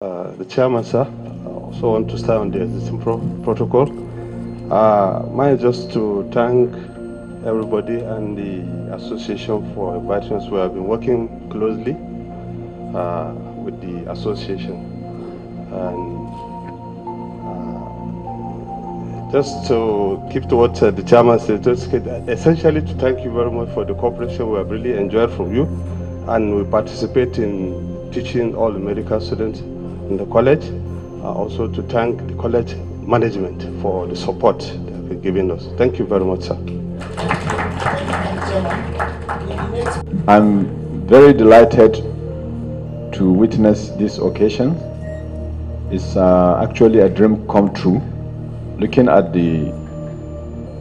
Uh, the chairman, sir, I also want to start on the existing pro protocol. Uh, mine just to thank everybody and the association for inviting us. We have been working closely uh, with the association. And uh, just to keep to what uh, the chairman said, just essentially to thank you very much for the cooperation we have really enjoyed from you and we participate in teaching all the medical students in the college, uh, also to thank the college management for the support they've been giving us. Thank you very much, sir. I'm very delighted to witness this occasion. It's uh, actually a dream come true. Looking at the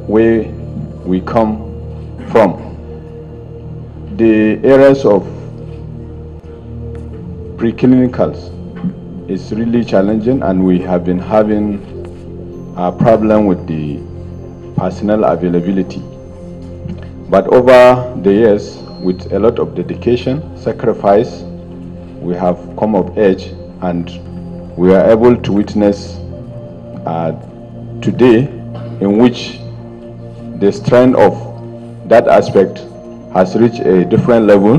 way we come from, the areas of preclinicals it's really challenging, and we have been having a problem with the personnel availability. But over the years, with a lot of dedication, sacrifice, we have come of age and we are able to witness uh, today in which the strength of that aspect has reached a different level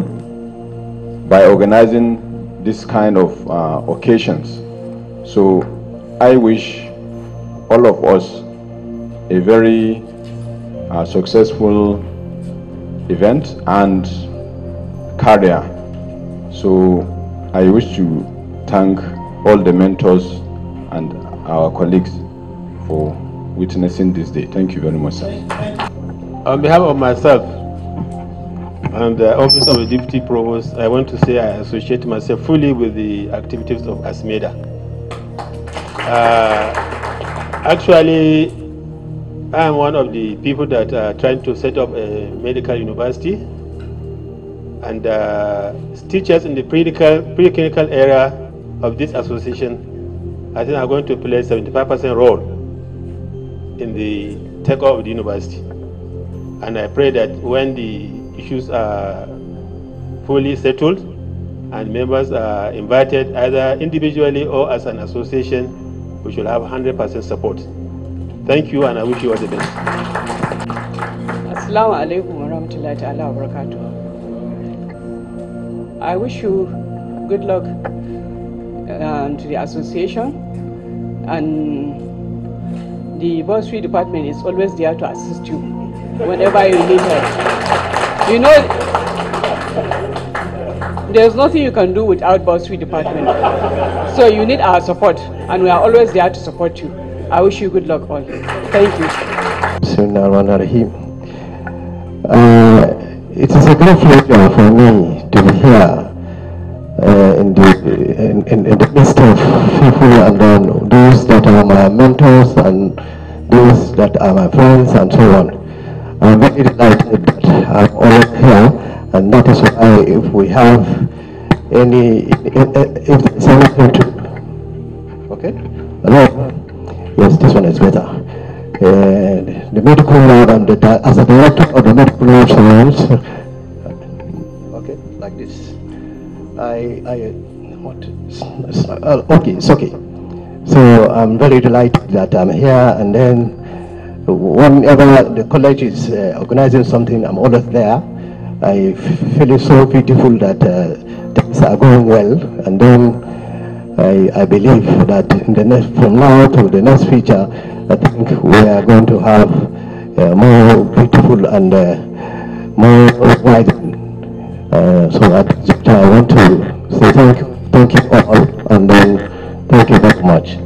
by organizing this kind of uh, occasions. So I wish all of us a very uh, successful event and career. So I wish to thank all the mentors and our colleagues for witnessing this day. Thank you very much, sir. On behalf of myself, and the uh, office of the deputy provost, I want to say I associate myself fully with the activities of ASMEDA. Uh, actually, I am one of the people that are trying to set up a medical university, and uh, teachers in the preclinical, preclinical area of this association, I think are going to play 75% role in the takeover of the university. And I pray that when the issues are fully settled and members are invited either individually or as an association, we should have 100% support. Thank you and I wish you all the best. Assalamu alaikum wa rahmatullahi wa I wish you good luck um, to the association and the bursary department is always there to assist you whenever you need help. You know, there's nothing you can do without bursary department. So you need our support, and we are always there to support you. I wish you good luck all. Thank you. Uh, it is a great pleasure for me to be here uh, in, the, in, in, in the midst of people and then um, those that are my mentors and those that are my friends and so on. I'm very delighted that I'm all here, and that is why if we have any, if there's anything to, okay? Hello? Yes, this one is better. the medical lab and the, as a director of the medical lab okay, like this. I, I, what, uh, okay, it's okay. So I'm very delighted that I'm here, and then whenever the college is uh, organizing something, I'm always there. I feel so beautiful that uh, things are going well, and then I, I believe that in the next, from now to the next future, I think we are going to have uh, more beautiful and uh, more wide. Uh, so at this I want to say thank you, thank you all, and then thank you very much.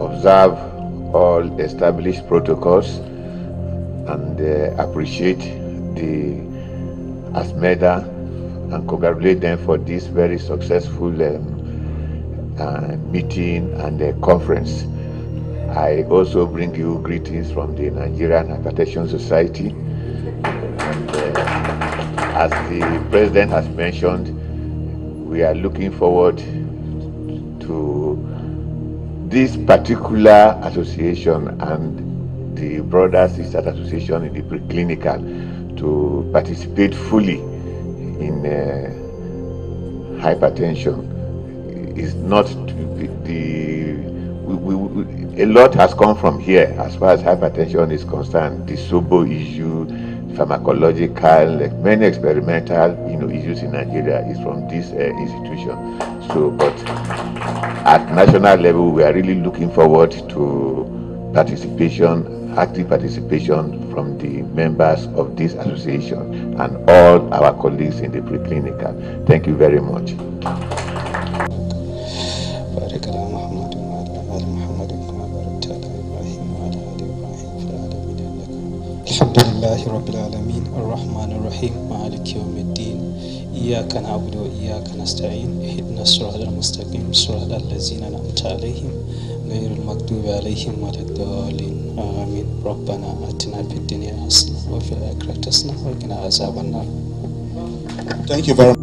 Observe all established protocols and uh, appreciate the ASMEDA and congratulate them for this very successful um, uh, meeting and uh, conference. I also bring you greetings from the Nigerian Hypertension Society. And, uh, as the President has mentioned, we are looking forward this particular association and the Brother Sister Association in the preclinical to participate fully in uh, hypertension is not to the we, we, we, a lot has come from here as far as hypertension is concerned the sobo issue pharmacological, like many experimental, you know, issues in Nigeria is from this uh, institution. So, but at national level, we are really looking forward to participation, active participation from the members of this association and all our colleagues in the preclinical. Thank you very much. لله رب العالمين الرحمن الرحيم مالك يوم الدين إياك نعبد وإياك نستعين اهدنا الصراط المستقيم صراط الذين أنعمت عليهم غير المكتوب عليهم ولا الضالين آمين ربنا آتنا في الدنيا حسنة وفي الآخرة حسنة وقنا عذاب النار